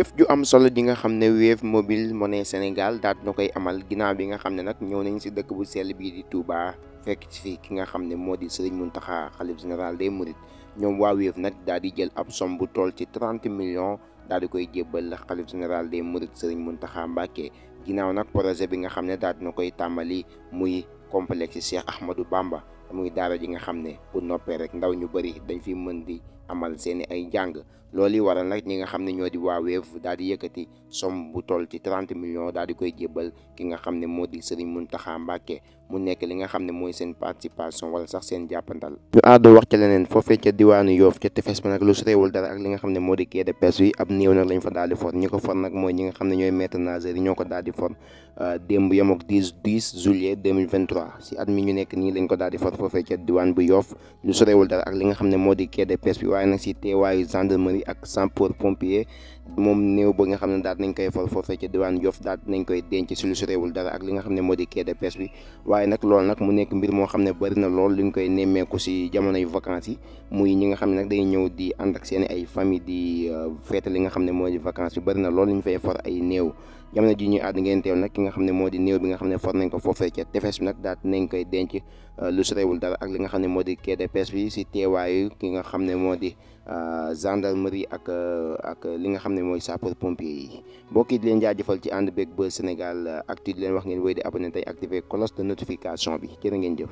jëf ju am solo ji nga xam ne Wave Mobile Money Sénégal daat na koy amal ginaaw bi nga xam ne nag ñëw nañu si dëkk bu sell bii di Touba fekk ci fii ki nga xam ne moo di mun taxa xalif général des Mourides ñoom waa Wave nag daal di jël ab somme bu toll ci 30 millions daal di koy jébbal xalif général des Mourides Serigne Mountakha Mbacké ginnaaw nag projet bi nga xam ne daat na koy tàmbali muy complexe Cheikh Ahmadou Bamba muy daara ji nga xam ne bu noppee rek ndaw ñu bëri dañ fi mën di amal seeni ay jàng loolu yi waral nag ñi nga xam ne ñoo di waa Wave yëkkati somme bu toll ci 30 millions daal koy jébbal ki nga xam ne moo di Serigne Mountakha Mbacké mu nekk li nga xam ne mooy seen participation wala sax seen jàppandal ñu àddu wax ca leneen foofee ca diwaanu Yoof ca tefes ba nag lu soriwul dara ak li nga xam ne moo di quai de pêche yi ab néew nag lañ fa daal for ñi ko for nag mooy ñi nga xam ne ñooy maître nageur ñoo ko daal waaye nag si teewaayu gendarmerie ak sapeur pompier moom néew ba nga xam ne daal nañ koy for forfee ca diwaan Yoff daal nañ koy denc si lu sorewul dara ak li nga xam ne bi nekk mbir moo xam ne bëri na lool koy nemmeeku si jamonoy vacances ñi nga xam ne dañuy ñëw di ànd seen ay famille di feete li nga xam ne moo di vacances bi bëri na lool li fay for ay néew jamono ji ñuy ki nga xam ne moo di néew bi nga xam ne for nañ ko foofee ca tefes bi nag daal nañ koy denc lu sorewul dara ak li nga xam ne moo di quai de pêche bi si teewaayu ki nga xam ne moo di gendarmerie ak ak li nga xam ne ne mooy sapeur pompier yi mbokk yi di leen ci ànd beeg Buzz Sénégal Actu di leen wax ngeen wéy di abonné tey activé cloche de notification bi jërë ngeen jëf